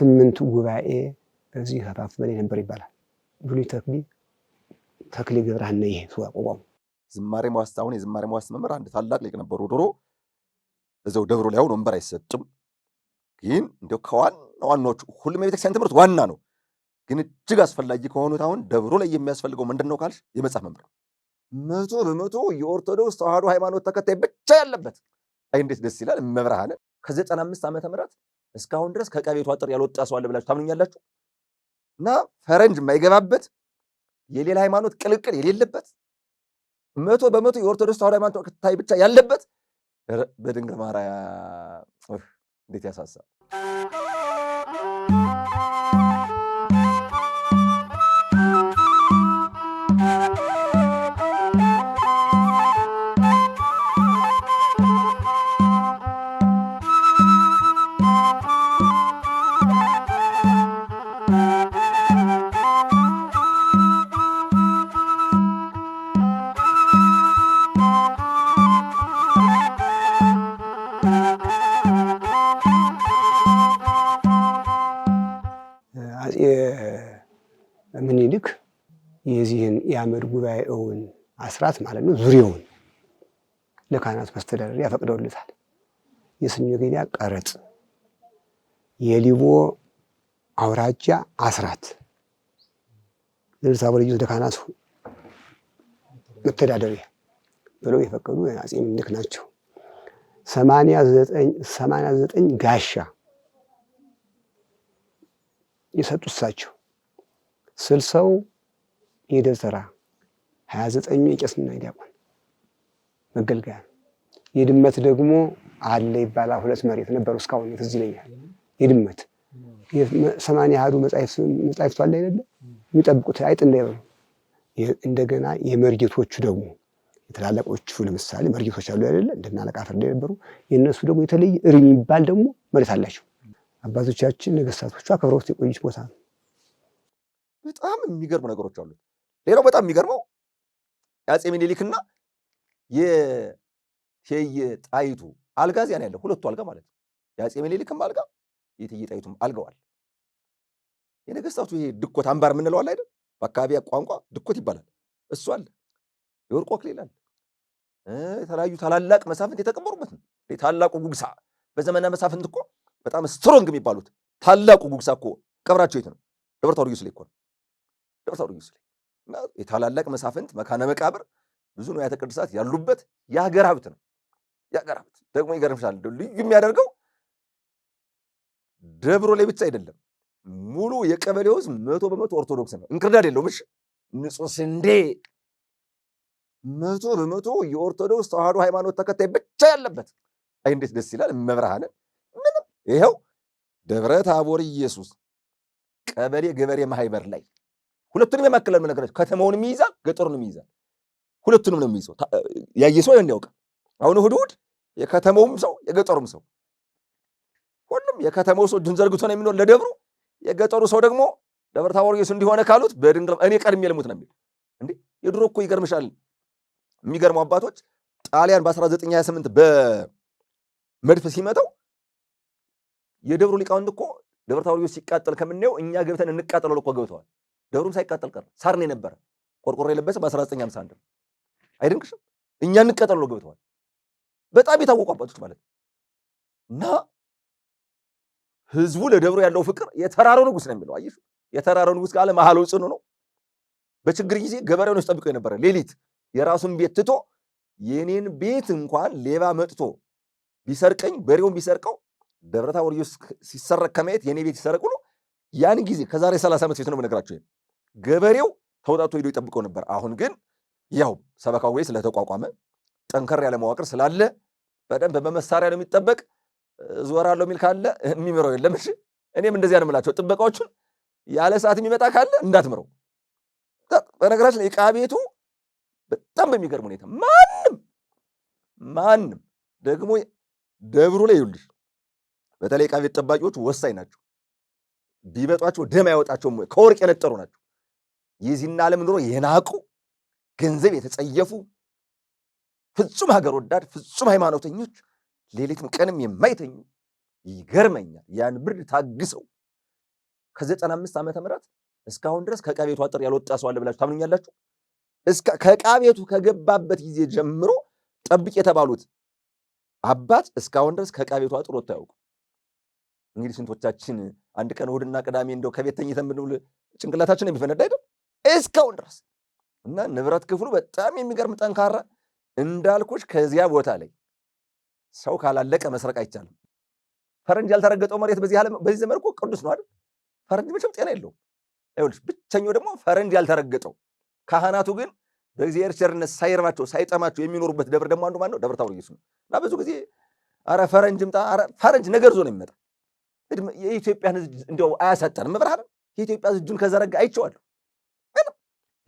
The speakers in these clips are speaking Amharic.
ስምንቱ ጉባኤ በዚህ መን ነበር ይባላል። ብሉይ ተክሊ ተክሌ ገብረሃና ይሄ ቆቆም ዝማሬ መዋስ አሁን የዝማሬ መዋስ መምህር አንድ ታላቅ ሊቅ ነበሩ። ድሮ እዚያው ደብሩ ላይ አሁን ወንበር አይሰጥም፣ ግን እንዲያው ከዋና ዋናዎቹ ሁሉም የቤተክርስቲያን ትምህርት ዋና ነው። ግን እጅግ አስፈላጊ ከሆኑት አሁን ደብሮ ላይ የሚያስፈልገው ምንድን ነው ካልሽ የመጽሐፍ መምህር መቶ በመቶ የኦርቶዶክስ ተዋህዶ ሃይማኖት ተከታይ ብቻ ያለበት። አይ እንዴት ደስ ይላል! መብርሃነ ከዘጠና አምስት ዓመተ ምህረት እስካሁን ድረስ ከቀቤቱ አጥር ያልወጣ ሰው አለ ብላችሁ ታምኑኛላችሁ? እና ፈረንጅ የማይገባበት የሌላ ሃይማኖት ቅልቅል የሌለበት መቶ በመቶ የኦርቶዶክስ ተዋሕዶ ሃይማኖት ተከታይ ብቻ ያለበት በድንግል ማርያም እንዴት ያሳሳል! አፄ ምኒልክ የዚህን የአመድ ጉባኤውን አስራት ማለት ነው ዙሪያውን ለካህናት መስተዳደር ያፈቅደውልታል። የስኞ ገዳ ቀረጽ የሊቦ አውራጃ አስራት ለርሳ ወልጅ ለካህናት መተዳደሪያ ብለው የፈቀዱ አፄ ምኒልክ ናቸው። ሰማንያ ዘጠኝ ጋሻ የሰጡት እሳቸው። ስልሳው የደብተራ ሀያ ዘጠኙ የቄስና ዲያቆን መገልገያ ነው። የድመት ደግሞ አለ ይባላል። ሁለት መሬት ነበሩ እስካሁን ትዝ ይለኛል። የድመት ሰማንያ አሐዱ መጻሕፍቱ አለ አይደለ የሚጠብቁት አይጥ እንዳይበሉ። እንደገና የመርጌቶቹ ደግሞ የተላለቆቹ ለምሳሌ መርጌቶች አሉ አይደለ እንደና አለቃ ፍርድ የነበሩ የእነሱ ደግሞ የተለየ እሪ የሚባል ደግሞ መሬት አላቸው። አባቶቻችን ነገስታቶቹ አክብረውት የቆዩት ቦታ ነው። በጣም የሚገርሙ ነገሮች አሉት። ሌላው በጣም የሚገርመው የአፄ ሚኒሊክና የእቴጌ ጣይቱ አልጋ እዚያ ነው ያለው። ሁለቱ አልጋ ማለት ነው። የአፄ ሚኒሊክም አልጋ የእቴጌ ጣይቱም አልገዋል። የነገስታቱ ይሄ ድኮት አምባር የምንለው አይደል? በአካባቢ ቋንቋ ድኮት ይባላል። እሱ አለ። የወርቆ አክሊል አለ። የተለያዩ ታላላቅ መሳፍንት የተቀበሩበት ነው። ታላቁ ጉግሳ በዘመነ መሳፍንት እኮ በጣም ስትሮንግ የሚባሉት ታላቁ ጉግሳ እኮ ቀብራቸው የት ነው? ደብረ ታውርጊስ ላይ እኮ ነው። ደብረ ላይ የታላላቅ መሳፍንት መካነ መቃብር ብዙ ያተ ቅድሳት ያሉበት የሀገር ሀብት ነው። የሀገር ሀብት ደግሞ ይገርምሻል፣ ልዩ የሚያደርገው ደብሮ ላይ ብቻ አይደለም። ሙሉ የቀበሌው ሕዝብ መቶ በመቶ ኦርቶዶክስ ነው። እንክርዳድ የለውም። እሺ ንጹህ ስንዴ መቶ በመቶ የኦርቶዶክስ ተዋህዶ ሃይማኖት ተከታይ ብቻ ያለበት። አይ እንዴት ደስ ይላል! መብርሃንን ይኸው ደብረ ታቦር ኢየሱስ ቀበሌ ገበሬ ማህበር ላይ ሁለቱንም የማከለል መነገራቸው ከተማውንም ይይዛል፣ ገጠሩንም ይይዛል። ሁለቱንም ነው የሚይዘው። ያየ ሰው ያውቃል። አሁን እሑድ እሑድ የከተማውም ሰው የገጠሩም ሰው ሁሉም የከተማው ሰው እጁን ዘርግቶ ነው የሚኖር ለደብሩ። የገጠሩ ሰው ደግሞ ደብረ ታቦር ኢየሱስ እንዲሆነ ካሉት በድንግል እኔ ቀድሜ ልሙት ነው የሚል እንዴ። የድሮ እኮ ይገርምሻል። የሚገርሙ አባቶች ጣሊያን በ1928 በመድፍ ሲመታው የደብሩ ሊቃውንት እኮ ደብረ ታቦር ሲቃጠል ከምናየው እኛ ገብተን እንቃጠለው እኮ ገብተዋል። ደብሩም ሳይቃጠል ቀረ። ሳር ነው የነበረ ቆርቆሮ የለበሰ በ1951 አይደንቅሽም? እኛ እንቃጠል ገብተዋል። በጣም የታወቁ አባቶች ማለት ነው። እና ህዝቡ ለደብሩ ያለው ፍቅር የተራራው ንጉስ ነው የሚለው አየሽ። የተራራው ንጉስ ካለ መሀሉ ጽኑ ነው። በችግር ጊዜ ገበሬውን ውስጥ ጠብቆ የነበረ ሌሊት የራሱን ቤት ትቶ የኔን ቤት እንኳን ሌባ መጥቶ ቢሰርቀኝ በሬውን ቢሰርቀው ደብረ ታቦር ሲሰረቅ ከማየት የእኔ ቤት ሲሰረቅ ብሎ ያን ጊዜ ከዛሬ 30 ዓመት ፊት ነው በነገራቸው ገበሬው ተውጣቶ ሄዶ ይጠብቀው ነበር። አሁን ግን ያው ሰበካ ወይ ስለተቋቋመ ጠንከር ያለ መዋቅር ስላለ በደንብ በመሳሪያ ነው የሚጠበቅ። አለው የሚል ካለ የሚምረው የለም። እሺ እኔም እንደዚያ ነው የምላቸው። ጥበቃዎቹን ያለ ሰዓት የሚመጣ ካለ እንዳትምረው። በነገራችን ዕቃ ቤቱ በጣም በሚገርም ሁኔታ ማንም ማንም ደግሞ ደብሩ ላይ ይውልሽ በተለይ ዕቃ ቤት ጠባቂዎች ወሳኝ ናቸው። ቢመጧቸው ደም አይወጣቸውም። ከወርቅ የነጠሩ ናቸው። የዚህን ዓለም ኑሮ የናቁ ገንዘብ የተጸየፉ ፍጹም ሀገር ወዳድ ፍጹም ሃይማኖተኞች ሌሊትም ቀንም የማይተኙ ይገርመኛል። ያን ብርድ ታግሰው ከዘጠና አምስት ዓመተ ምህረት እስካሁን ድረስ ከዕቃ ቤቱ አጥር ያልወጣ ሰው አለ ብላችሁ ታምኑኛላችሁ? ከዕቃ ቤቱ ከገባበት ጊዜ ጀምሮ ጠብቅ የተባሉት አባት እስካሁን ድረስ ከዕቃ ቤቱ አጥር ወጥቶ አያውቁ። እንግዲህ ስንቶቻችን አንድ ቀን እሑድና ቅዳሜ እንደው ከቤት ተኝተን ብንውል ጭንቅላታችን የሚፈነዳ አይደል? እስካሁን ድረስ እና ንብረት ክፍሉ በጣም የሚገርም ጠንካራ እንዳልኩሽ፣ ከዚያ ቦታ ላይ ሰው ካላለቀ መስረቅ አይቻልም። ፈረንጅ ያልተረገጠው መሬት በዚህ ዘመን እኮ ቅዱስ ነው አይደል? ፈረንጅ መቼም ጤና የለውም። ይኸውልሽ ብቸኛው ደግሞ ፈረንጅ ያልተረገጠው ካህናቱ ግን በእግዚአብሔር ቸርነት ሳይርባቸው ሳይጠማቸው የሚኖሩበት ደብር ደግሞ አንዱ ማን ነው? ደብረ ታቦር ኢየሱስ ነው። እና ብዙ ጊዜ አረ ፈረንጅ ምጣ፣ አረ ፈረንጅ ነገር ዞ ነው የሚመጣ የኢትዮጵያን ሕዝብ እንደው አያሳጠንም ብርሃን የኢትዮጵያ ዝጁን እጁን ከዘረጋ አይቼዋለሁ። ግን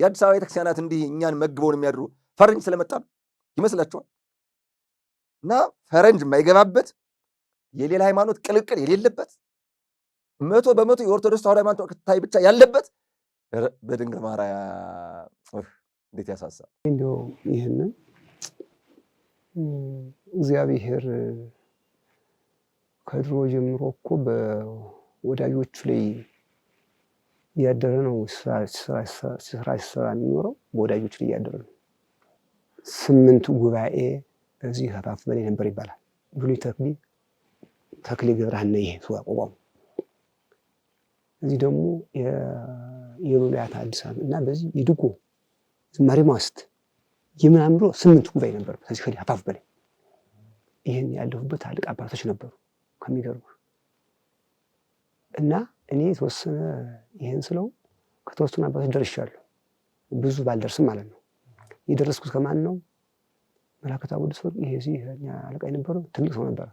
የአዲስ አበባ ቤተክርስቲያናት እንዲህ እኛን መግበውን የሚያድሩ ፈረንጅ ስለመጣ ይመስላችኋል? እና ፈረንጅ የማይገባበት የሌላ ሃይማኖት ቅልቅል የሌለበት መቶ በመቶ የኦርቶዶክስ ተዋሕዶ ሃይማኖት ተከታይ ብቻ ያለበት በድንግል ማርያም እንዴት ያሳሳል! እንዲያው ይህንን እግዚአብሔር ከድሮ ጀምሮ እኮ በወዳጆቹ ላይ እያደረ ነው ስራ ሲሰራ የሚኖረው በወዳጆቹ ላይ እያደረ ነው። ስምንቱ ጉባኤ እዚህ በላይ ነበር ይባላል። ብሉይ ተክሊ ተክሌ ገብረሃና ይሄ ሰው እዚህ ደግሞ የሉላያት አዲሳት እና በዚህ ይድጎ ዝማሬ ማስት የምናምሮ ስምንት ጉባኤ ነበር። ከዚህ ከዲህ አፋፍ በላይ ይህን ያለሁበት አልቅ አባቶች ነበሩ። ከሚገርሙ እና እኔ የተወሰነ ይህን ስለው ከተወሰኑ አባቶች ደርሻለሁ። ብዙ ባልደርስም ማለት ነው። የደረስኩት ከማን ነው? መላከታ ታቦት ሲወርቅ ይሄ እዚህ አለቃ የነበረው ትልቅ ሰው ነበረ።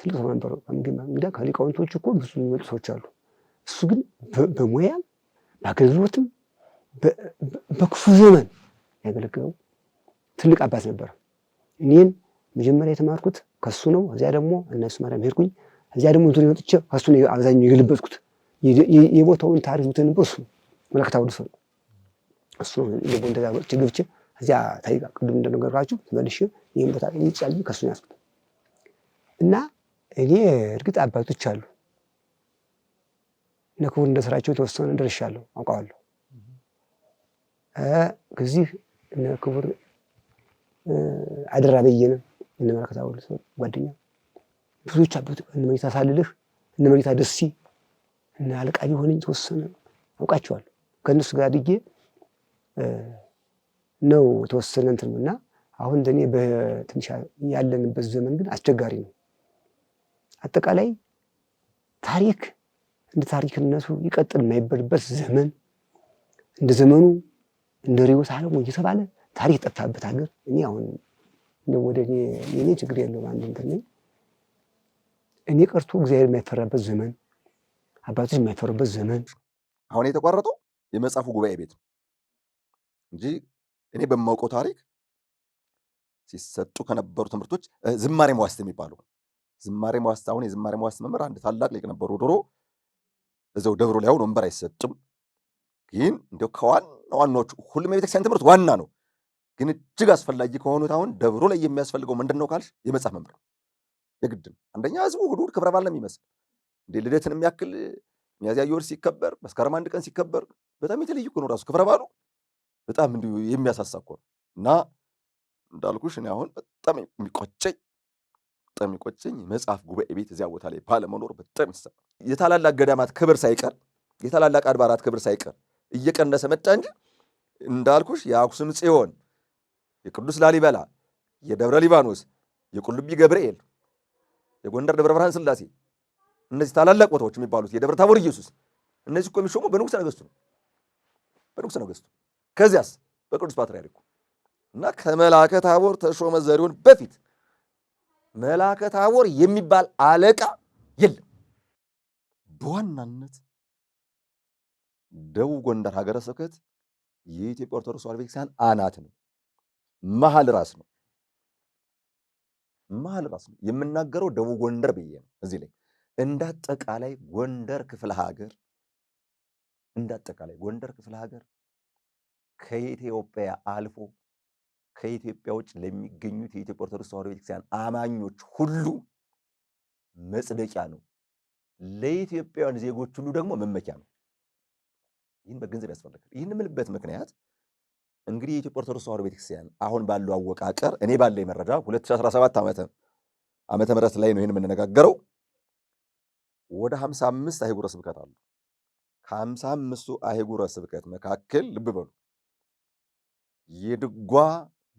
ትልቅ ሰው ነበረ። እንግዲህ ከሊቃውንቶች እኮ ብዙ የሚመጡ ሰዎች አሉ። እሱ ግን በሙያም በአገልግሎትም በክፉ ዘመን ያገለግለው ትልቅ አባት ነበር። እኔን መጀመሪያ የተማርኩት ከሱ ነው። እዚያ ደግሞ እነሱ ማርያም ሄድኩኝ። እዚያ ደግሞ እንትን ይወጥቼ ከሱ ነው አብዛኛው የገለበጥኩት። የቦታውን ታሪክ እንትን በሱ መለከታ ወደ ሰው እሱ ነው ልቦ እንደዛ ወጥቼ ገብቼ እዚያ ታሪክ ቅድም እንደነገርኳችሁ ተመልሼ ይህን ቦታ ይጫዩ ከሱ ነው ያዝኩት እና እኔ እርግጥ አባቶች አሉ ለክቡር እንደ ስራቸው የተወሰነ ደርሻለሁ አውቀዋለሁ። ከዚህ ክቡር አደራ በየነ እነመረከታ ወልስ ጓደኛ ብዙዎች አባት እነ ሳልልህ እነ ደሲ እነ አለቃ ቢሆነኝ የተወሰነ አውቃቸዋለሁ። ከእነሱ ጋር አድጌ ነው የተወሰነ እንትንም እና አሁን እንደኔ በትንሽ ያለንበት ዘመን ግን አስቸጋሪ ነው። አጠቃላይ ታሪክ እንደ ታሪክነቱ ይቀጥል የማይበልበት ዘመን እንደ ዘመኑ እንደ ርዕዮተ ዓለሙ እየተባለ ታሪክ የጠፋበት ሀገር እኔ አሁን ወደ እኔ ችግር የለውም። አንድ እንትን እኔ ቀርቶ እግዚአብሔር የማይፈራበት ዘመን፣ አባቶች የማይፈሩበት ዘመን። አሁን የተቋረጠው የመጽሐፉ ጉባኤ ቤት ነው እንጂ እኔ በማውቀው ታሪክ ሲሰጡ ከነበሩ ትምህርቶች ዝማሬ መዋስት የሚባለው ዝማሬ መዋስት አሁን የዝማሬ መዋስት መምህር አንድ ታላቅ ሊቅ ነበሩ። ደብሮ ወንበር አይሰጥም፣ ግን እንዲያው ከዋና ዋናዎቹ ሁሉም የቤተክርስቲያን ትምህርት ዋና ነው። ግን እጅግ አስፈላጊ ከሆኑት አሁን ደብሮ ላይ የሚያስፈልገው ምንድን ነው ካልሽ የመጽሐፍ መምህር የግድ ነው። አንደኛ ህዝቡ እሑድ ክብረ በዓል ነው የሚመስል እንደ ልደትን የሚያክል ሚያዝያ የወር ሲከበር መስከረም አንድ ቀን ሲከበር በጣም የተለየ እኮ ነው ራሱ ክብረ በዓሉ በጣም እንዲሁ የሚያሳሳ እኮ ነው። እና እንዳልኩሽ እኔ አሁን በጣም የሚቆጨኝ በጣም የሚቆጨኝ መጽሐፍ ጉባኤ ቤት እዚያ ቦታ ላይ ባለመኖር በጣም ይሰማል። የታላላቅ ገዳማት ክብር ሳይቀር የታላላቅ አድባራት ክብር ሳይቀር እየቀነሰ መጣ እንጂ እንዳልኩሽ የአክሱም ጽዮን የቅዱስ ላሊበላ፣ የደብረ ሊባኖስ፣ የቁልቢ ገብርኤል፣ የጎንደር ደብረ ብርሃን ስላሴ እነዚህ ታላላቅ ቦታዎች የሚባሉት የደብረ ታቦር ኢየሱስ እነዚህ እኮ የሚሾሙ በንጉሥ ነገሥቱ ነው። በንጉሥ ነገሥቱ ከዚያስ በቅዱስ ፓትርያርኩ እና ከመላከ ታቦር ተሾመ ዘሪሁን በፊት መላከ ታቦር የሚባል አለቃ የለም። በዋናነት ደቡብ ጎንደር ሀገረ ስብከት የኢትዮጵያ ኦርቶዶክስ ተዋሕዶ ቤተክርስቲያን አናት ነው። መሀል ራስ ነው። መሀል ራስ ነው የምናገረው ደቡብ ጎንደር ብዬ ነው። እዚህ ላይ እንዳጠቃላይ ጎንደር ክፍለ ሀገር እንዳጠቃላይ ጎንደር ክፍለ ሀገር ከኢትዮጵያ አልፎ ከኢትዮጵያ ውጭ ለሚገኙት የኢትዮጵያ ኦርቶዶክስ ተዋህዶ ቤተክርስቲያን አማኞች ሁሉ መጽደቂያ ነው። ለኢትዮጵያውያን ዜጎች ሁሉ ደግሞ መመኪያ ነው። ይህን መገንዘብ ያስፈልጋል። ይህን የምልበት ምክንያት እንግዲህ የኢትዮጵያ ኦርቶዶክስ ተዋህዶ ቤተክርስቲያን አሁን ባለው አወቃቀር እኔ ባለኝ መረጃ 2017 ዓመተ ዓመተ ምህረት ላይ ነው ይህን የምንነጋገረው። ወደ 55 አህጉረ ስብከት አሉ። ከ55ቱ አህጉረ ስብከት መካከል ልብ በሉ የድጓ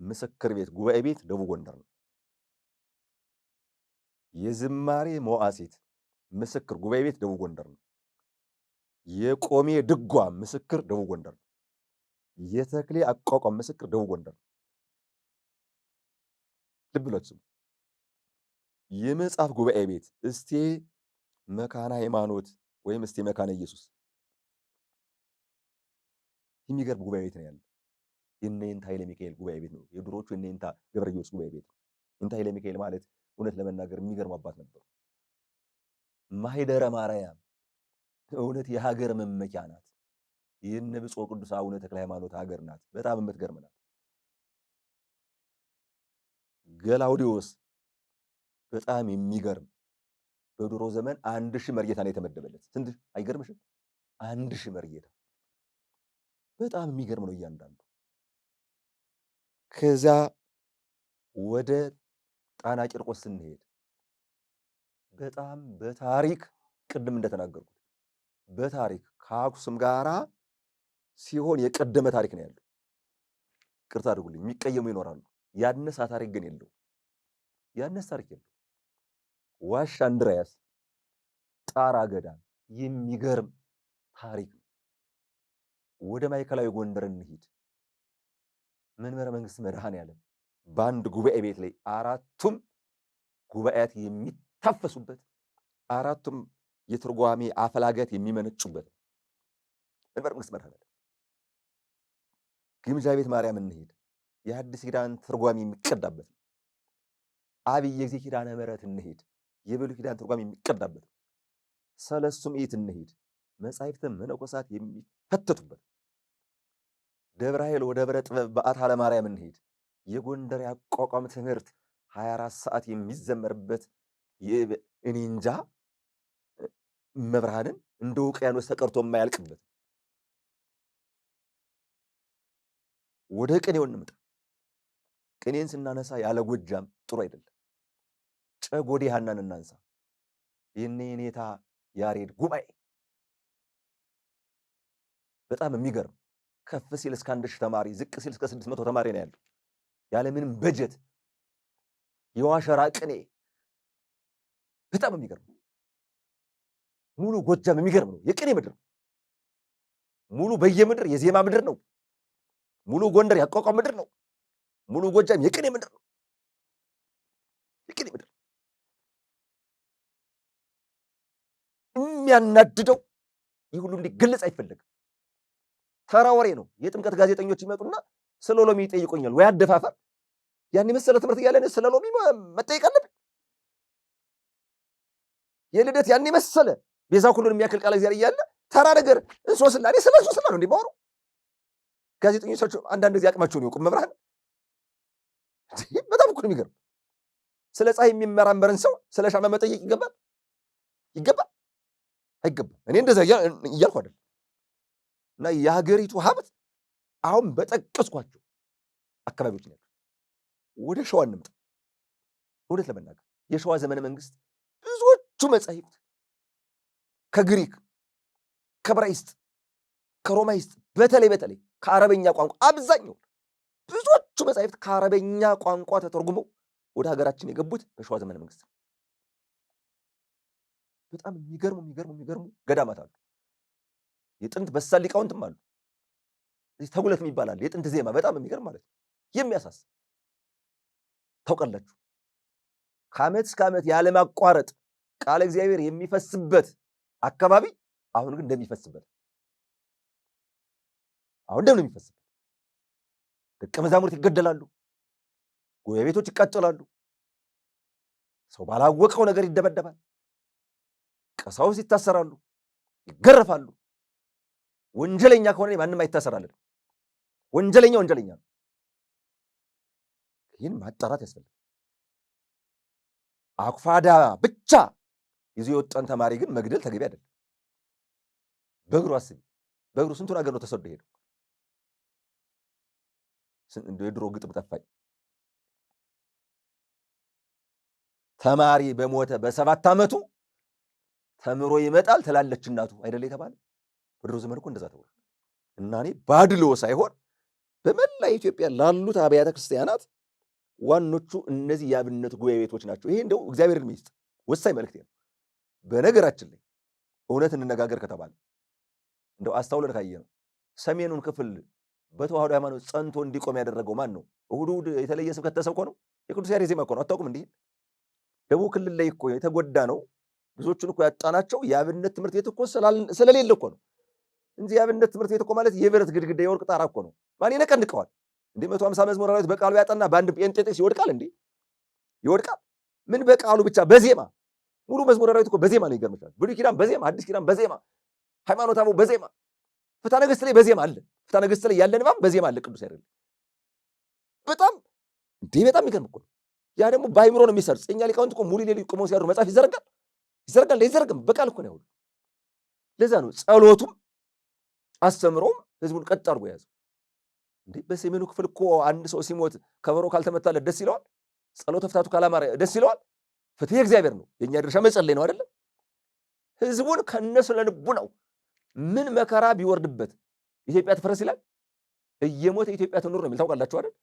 ምስክር ቤት ጉባኤ ቤት ደቡብ ጎንደር ነው። የዝማሬ መዋዕሴት ምስክር ጉባኤ ቤት ደቡብ ጎንደር ነው። የቆሜ ድጓ ምስክር ደቡብ ጎንደር ነው። የተክሌ አቋቋም ምስክር ደቡብ ጎንደር። ልብ ብላችሁ ስሙ። የመጽሐፍ ጉባኤ ቤት እስቴ መካነ ሃይማኖት ወይም እስቴ መካነ ኢየሱስ የሚገርም ጉባኤ ቤት ነው ያለ። የእነይንታ ኃይለ ሚካኤል ጉባኤ ቤት ነው። የድሮቹ የእነይንታ ገብረ ኢየሱስ ጉባኤ ቤት ነው። ይንታ ኃይለ ሚካኤል ማለት እውነት ለመናገር የሚገርም አባት ነበሩ። ማህደረ ማርያም እውነት የሀገር መመኪያ ናት። ይህን ብፁዕ ቅዱስ አቡነ ተክለ ሃይማኖት ሀገር ናት። በጣም የምትገርም ናት። ገላውዲዮስ በጣም የሚገርም በድሮ ዘመን አንድ ሺህ መርጌታ ነው የተመደበለት። ስንት አይገርምሽም? አንድ ሺህ መርጌታ በጣም የሚገርም ነው እያንዳንዱ። ከዚያ ወደ ጣና ቂርቆስ ስንሄድ በጣም በታሪክ ቅድም እንደተናገርኩት በታሪክ ከአክሱም ጋራ ሲሆን የቀደመ ታሪክ ነው ያለው። ቅርታ አድርጉልኝ፣ የሚቀየሙ ይኖራሉ። ያነሳ ታሪክ ግን የለው፣ ያነሳ ታሪክ የለው። ዋሻ አንድራያስ ጣራ ገዳም የሚገርም ታሪክ ነው። ወደ ማዕከላዊ ጎንደር እንሂድ። መንበረ መንግስት መድኃኔዓለም በአንድ ጉባኤ ቤት ላይ አራቱም ጉባኤያት የሚታፈሱበት አራቱም የትርጓሜ አፈላገት የሚመነጩበት መንበረ መንግስት መድኃኔዓለም ግምጃ ቤት ማርያም እንሄድ የአዲስ ኪዳን ትርጓሚ የሚቀዳበት ነው። አብይ የጊዜ ኪዳነ ምሕረት እንሄድ የብሉይ ኪዳን ትርጓሚ የሚቀዳበት ነው። ሰለስቱም ኢት እንሄድ መጻሕፍተ መነኮሳት የሚፈተቱበት ደብረ ኃይል ወደብረ ጥበብ በዓታ ለማርያም እንሄድ የጎንደር ያቋቋም ትምህርት 24 ሰዓት የሚዘመርበት እኔ እንጃ መብርሃንን እንደ ውቅያኖስ ተቀርቶ የማያልቅበት ወደ ቅኔው እንምጣ። ቅኔን ስናነሳ ያለ ጎጃም ጥሩ አይደለም። ጨጎዴ ሀናን እናንሳ። ይህኔ ኔታ ያሬድ ጉባኤ በጣም የሚገርም ከፍ ሲል እስከ አንድ ሺህ ተማሪ ዝቅ ሲል እስከ ስድስት መቶ ተማሪ ነው ያለው። ያለምንም በጀት የዋሸራ ቅኔ በጣም የሚገርም ሙሉ ጎጃም የሚገርም ነው። የቅኔ ምድር ሙሉ በየምድር የዜማ ምድር ነው። ሙሉ ጎንደር ያቋቋም ምድር ነው። ሙሉ ጎጃም የቅኔ ምድር ነው። የቅኔ ምድር የሚያናድደው ይህ ሁሉ እንዲገለጽ አይፈለግም። ተራ ወሬ ነው። የጥምቀት ጋዜጠኞች ይመጡና ስለ ሎሚ ይጠይቁኛል። ወይ አደፋፈር ያን የመሰለ ትምህርት እያለ ስለ ሎሚ መጠየቅ አለብኝ? የልደት ያን የመሰለ ቤዛ ሁሉን የሚያክል ቃል እግዚአብሔር እያለ ተራ ነገር እንሶስላ እኔ ስለ እንሶስላ ነው እንዲህ የማወራው ጋዜጠኞቻቸው አንዳንድ ጊዜ አቅማቸውን ይወቁም። መብርሃን በጣም እኮ ነው የሚገርም። ስለ ፀሐይ የሚመራመርን ሰው ስለ ሻማ መጠየቅ ይገባል ይገባል አይገባም? እኔ እንደዛ እያልኩ አይደለም። እና የሀገሪቱ ሀብት አሁን በጠቀስኳቸው አካባቢዎች ነ ወደ ሸዋ እንምጣ። እውነት ለመናገር የሸዋ ዘመነ መንግስት ብዙዎቹ መጻሕፍት ከግሪክ ከዕብራይስጥ ከሮማይስጥ በተለይ በተለይ ከአረበኛ ቋንቋ አብዛኛው ብዙዎቹ መጻሕፍት ከአረበኛ ቋንቋ ተተርጉመው ወደ ሀገራችን የገቡት በሸዋ ዘመነ መንግስት ነው። በጣም የሚገርሙ የሚገርሙ የሚገርሙ ገዳማት አሉ። የጥንት በሳል ሊቃውንትም አሉ። ተጉለት የሚባል አለ። የጥንት ዜማ በጣም የሚገርም ማለት ነው። የሚያሳስብ ታውቃላችሁ፣ ከዓመት እስከ ዓመት ያለማቋረጥ ቃለ እግዚአብሔር የሚፈስበት አካባቢ አሁን ግን እንደሚፈስበት አሁን ደም ነው የሚፈስበት። ደቀ መዛሙርት ይገደላሉ፣ ጎረቤቶች ይቃጠላሉ፣ ሰው ባላወቀው ነገር ይደበደባል፣ ቀሳውስ ይታሰራሉ፣ ይገረፋሉ። ወንጀለኛ ከሆነ ማንም አይታሰራለን። ወንጀለኛ ወንጀለኛ ነው። ይህን ማጣራት ያስፈልጋል። አኩፋዳ ብቻ ይዞ የወጣን ተማሪ ግን መግደል ተገቢ አይደለም። በእግሩ አስቢ። በእግሩ ስንቱን አገር ነው ተሰዶ ሄደው የድሮ ግጥም ጠፋኝ። ተማሪ በሞተ በሰባት ዓመቱ ተምሮ ይመጣል ትላለች እናቱ አይደለ የተባለ በድሮ ዘመን እኮ እንደዛ ተብሎ እና እኔ ባድሎ ሳይሆን በመላ ኢትዮጵያ ላሉት አብያተ ክርስቲያናት ዋኖቹ እነዚህ የአብነት ጉባኤ ቤቶች ናቸው። ይሄ እንደው እግዚአብሔር ሚስጥ ወሳኝ መልእክቴ ነው። በነገራችን ላይ እውነት እንነጋገር ከተባለ እንደው አስተውለን ካየ ነው ሰሜኑን ክፍል በተዋህዶ ሃይማኖት ጸንቶ እንዲቆም ያደረገው ማን ነው? እሁድ እሁድ የተለየ ስብከት ተሰብኮ ነው። የቅዱስ ያሬድ ዜማ እኮ ነው። አታውቁም? እንዲህ ደቡብ ክልል ላይ እኮ የተጎዳ ነው። ብዙዎቹን እኮ ያጣናቸው የአብነት ትምህርት ቤት እኮ ስለሌለ እኮ ነው እንጂ የአብነት ትምህርት ቤት እኮ ማለት የብረት ግድግዳ የወርቅ ጣራ እኮ ነው። ማን ይነቀንቀዋል እንዴ? መቶ ሃምሳ መዝሙረ ዳዊት በቃሉ ያጠና በአንድ ጴንጤጤስ ይወድቃል እንዴ? ይወድቃል። ምን በቃሉ ብቻ በዜማ ሙሉ መዝሙረ ዳዊት እኮ በዜማ ነው። ይገርምሻል። ብሉይ ኪዳን በዜማ አዲስ ኪዳን በዜማ ሃይማኖት አበው በዜማ ፍትሐ ነገሥት ላይ በዜማ አለ። ፍትሐ ነገሥት ላይ ያለ ንባብ በዜማ አለ ቅዱስ ያሬድ በጣም እንዴ በጣም ይገርም እኮ ያ ደግሞ በአይምሮ ነው የሚሰርጽ እኛ ሊቃውንት እኮ ሙሉ ሌሉ ቁመው ሲያሩ መጽሐፍ ይዘረጋል ይዘረጋል ላይዘረግም በቃል እኮ ነው ያሁሉ ለዛ ነው ጸሎቱም አስተምሮም ህዝቡን ቀጥ አድርጎ የያዘው እንዴ በሰሜኑ ክፍል እኮ አንድ ሰው ሲሞት ከበሮ ካልተመታለት ደስ ይለዋል ጸሎተ ፍታቱ ካላማረ ደስ ይለዋል ፍትሄ እግዚአብሔር ነው የእኛ ድርሻ መጸለይ ነው አይደለም ህዝቡን ከነሱ ለንቡ ነው ምን መከራ ቢወርድበት ኢትዮጵያ ትፍረስ ይላል። እየሞተ ኢትዮጵያ ትኑር ነው የሚል ታውቃላችሁ አይደል?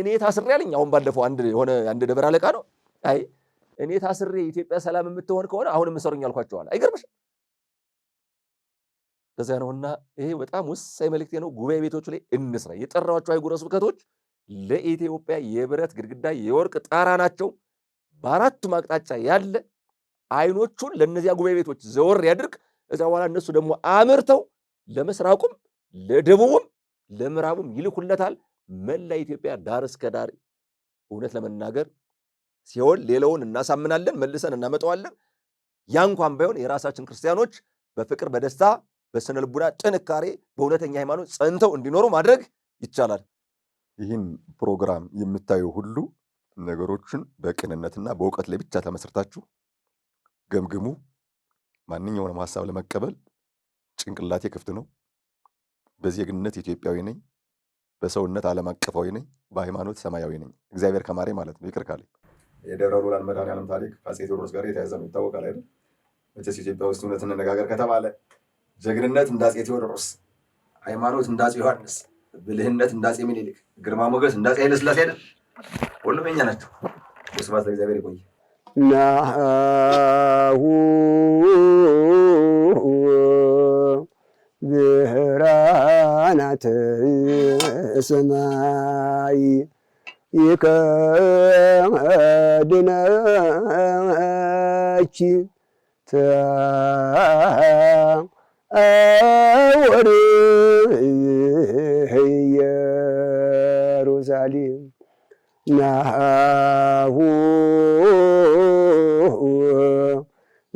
እኔ ታስሬ አለኝ። አሁን ባለፈው አንድ የሆነ አንድ ደብረ አለቃ ነው አይ እኔ ታስሬ ኢትዮጵያ ሰላም የምትሆን ከሆነ አሁን የምሰሩኝ አልኳቸዋል። አይገርምሽ? ለዚያ ነውና ይሄ በጣም ወሳኝ መልእክቴ ነው። ጉባኤ ቤቶቹ ላይ እንስራ። የጠራኋቸው አህጉረ ስብከቶች ለኢትዮጵያ የብረት ግድግዳ የወርቅ ጣራ ናቸው። በአራቱም አቅጣጫ ያለ አይኖቹን ለእነዚያ ጉባኤ ቤቶች ዘወር ያድርግ። እዚያ በኋላ እነሱ ደግሞ አምርተው ለመስራቁም ለደቡብም ለምዕራቡም ይልኩለታል። መላ ኢትዮጵያ ዳር እስከ ዳር እውነት ለመናገር ሲሆን ሌላውን እናሳምናለን፣ መልሰን እናመጣዋለን። ያ እንኳን ባይሆን የራሳችን ክርስቲያኖች በፍቅር በደስታ በስነ ልቡና ጥንካሬ በእውነተኛ ሃይማኖት ጸንተው እንዲኖሩ ማድረግ ይቻላል። ይህን ፕሮግራም የምታዩ ሁሉ ነገሮችን በቅንነትና በእውቀት ላይ ብቻ ተመስርታችሁ ገምግሙ። ማንኛውንም ሀሳብ ለመቀበል ጭንቅላቴ ክፍት ነው። በዜግነት ኢትዮጵያዊ ነኝ፣ በሰውነት ዓለም አቀፋዊ ነኝ፣ በሃይማኖት ሰማያዊ ነኝ። እግዚአብሔር ከማሬ ማለት ነው። ይቅር ካለኝ የደብረ ብርሃን መድኃኔዓለም ታሪክ ከአፄ ቴዎድሮስ ጋር የተያዘ ነው ይታወቃል አይደል? መቼስ ኢትዮጵያ ውስጥ እውነት እንነጋገር ከተባለ ጀግንነት እንደ አፄ ቴዎድሮስ፣ ሃይማኖት እንደ አፄ ዮሐንስ፣ ብልህነት እንደ አፄ ምኒልክ፣ ግርማ ሞገስ እንደ አፄ ኃይለስላሴ አይደል? ሁሉም የእኛ ናቸው። ስብሐት ለእግዚአብሔር። ይቆይ ናሁ ሕፃናት ስማይ ይከድነች ተአውር ኢየሩሳሌም ናሁ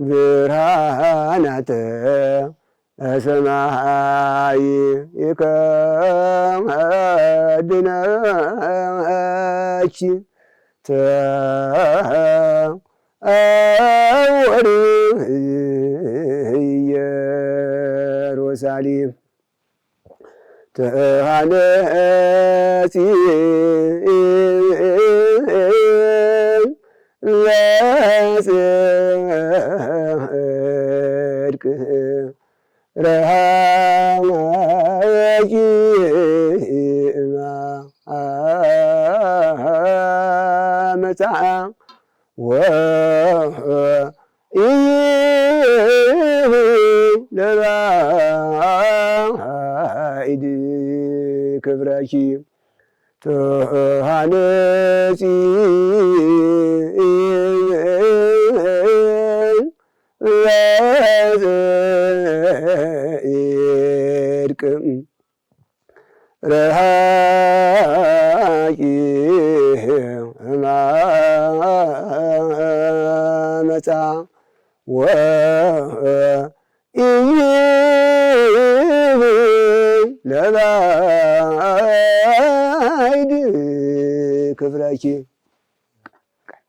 ብርሃናተ سماحي يكم هدنا هاتش تاها أوري هي روسالي تهانسي رهانجينا متعا وإيه لرائد كبرك تهانتي ጻድቅ ረሃይ ማመፃ ወኢይብ ለባይድ ክብረኪ